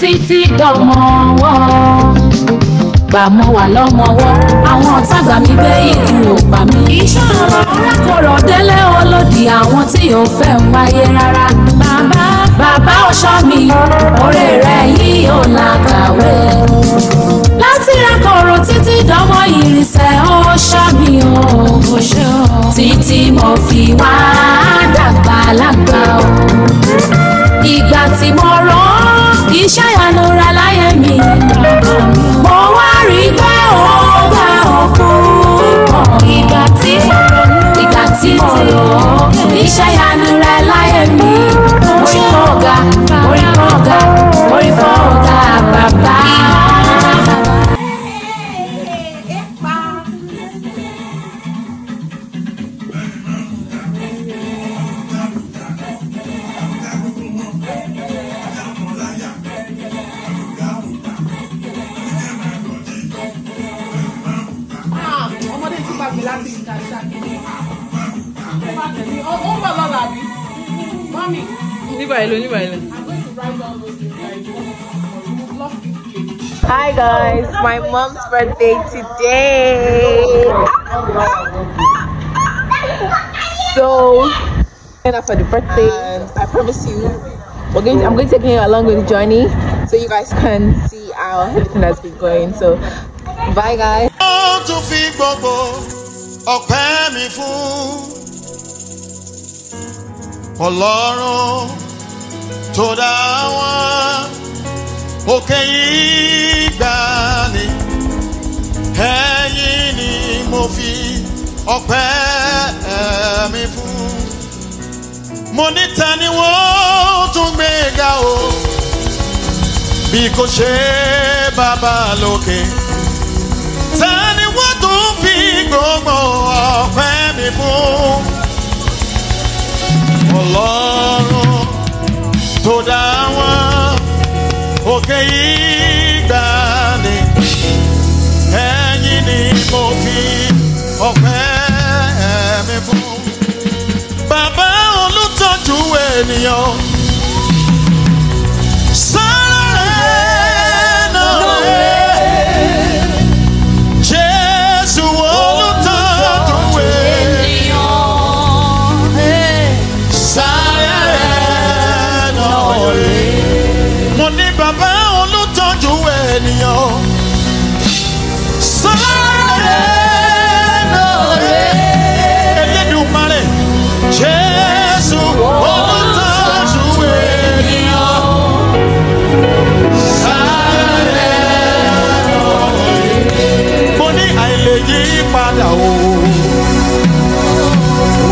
títí dọmọ wọn gbà mọ wà lọ́mọ wọn. àwọn ọ̀tá gbà mí gbé ìlú ò gbà mí. iṣẹ́ ọ̀rọ̀ rákọ̀rọ̀ délé olódì àwọn tí ò fẹ́ ń wáyé rárá. bàbá bàbá ọ̀ṣọ́ mi ọ̀rẹ́ rẹ̀ yìí ò làkàwé. láti rákọ̀rọ̀ títí dọmọ ìrìnsẹ̀ ọ̀ṣọ́ mi ò ṣọ́. títí mo fi wá dàgbà lágbà o. ìgbà tí mo rọ iṣẹ́ ìyanu ra láyé mi. mo wá rí pé ó gba òkú ìgbà tí ìgbà tí iṣẹ́ ìyanu. Leave her alone, leave her alone. Hi guys, my mom's birthday today. so, and for the birthday, and I promise you, we're going. To, I'm going to take you along with the journey, so you guys can see how everything has been going. So, bye guys. ọlọ́run tó dá wọn òkè yìí gbà ní ni mo fi ọpẹ́ mi fún. mo ní ta ni wọ́n tún gbé ga o bí kò ṣe bàbá lókè ta ni wọ́n tún fi gbogbo ọpẹ́ mi fún ọlọ́run tó dá wọn òkè ìgbà ni ẹ̀yin ni mo fi ọpẹ́ mi fún. bàbá olùtọ́jú ènìyàn. yí padà o.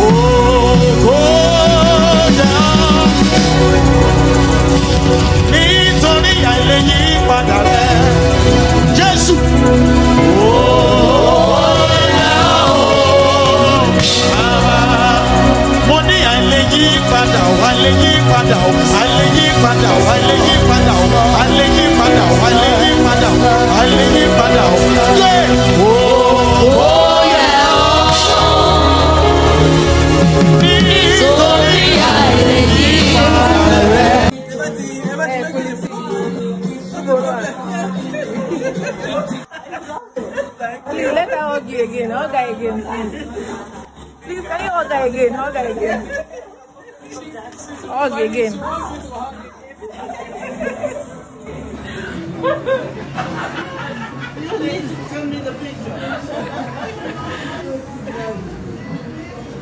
Ògo yá nítorí àìlè yí padà rẹ̀ Jésù. Mo ní àìlè yí padà o, àìlè yí padà o, àìlè yí padà o, àìlè yí padà o, àìlè yí padà o, àìlè yí padà o, àìlè yí padà o. that again, not that again. Hug again. I need to film me the picture. Happy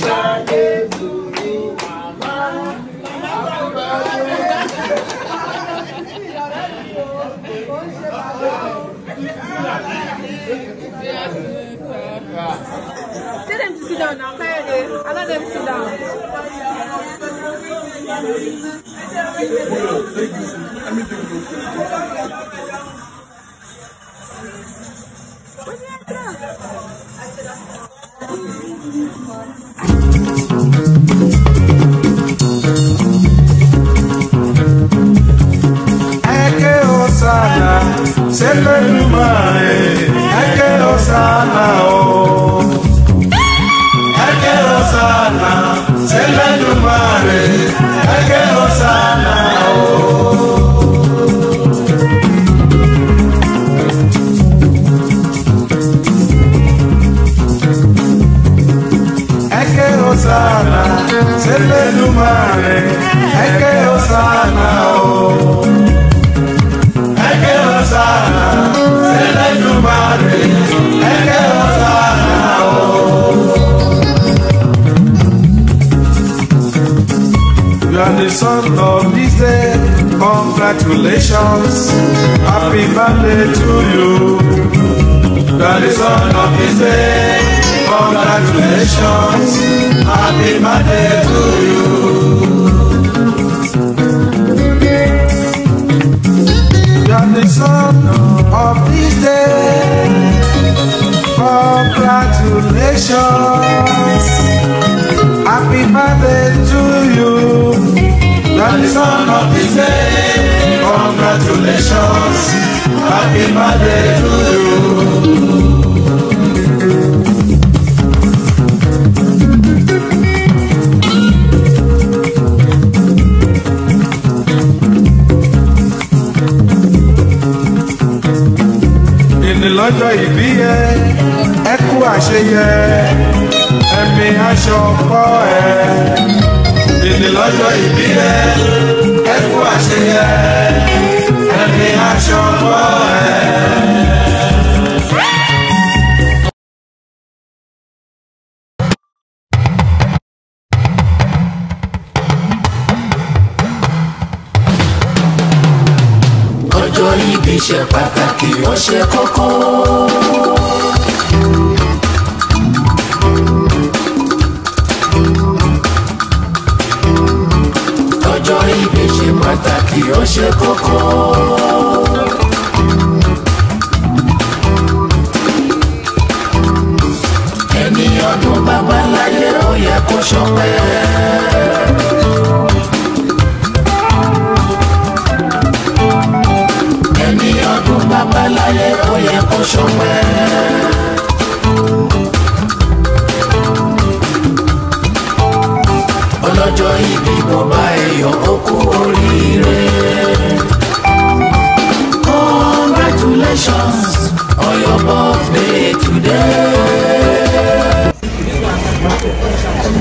birthday to you, Mama. Tell them to sit down now. Tired I let them sit down. Thank you. Congratulations, happy birthday to you. You the son of this day. Congratulations, happy birthday to you. You the son of this day. Congratulations, happy birthday to you. ọjọ́ ìbí ẹ ẹ kú àṣeyẹ ẹ̀mí aṣọ ọkọ ẹ èlé lọ́jọ́ ìbí ẹ ẹ kú àṣeyẹ. pàtàkì ó ṣe kókó. ẹni ọdún bàbá láyé ó yẹ kó ṣọpẹ́. somewhere. congratulations on your birthday today.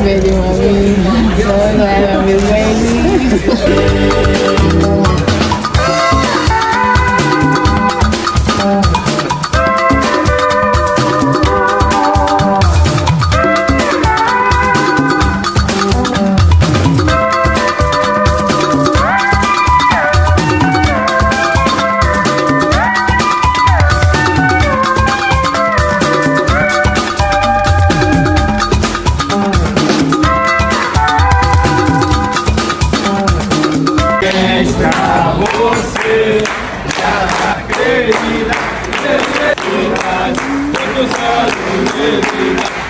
Baby, mommy, don't let me wait. Deus, Deus, Deus, Deus, Deus.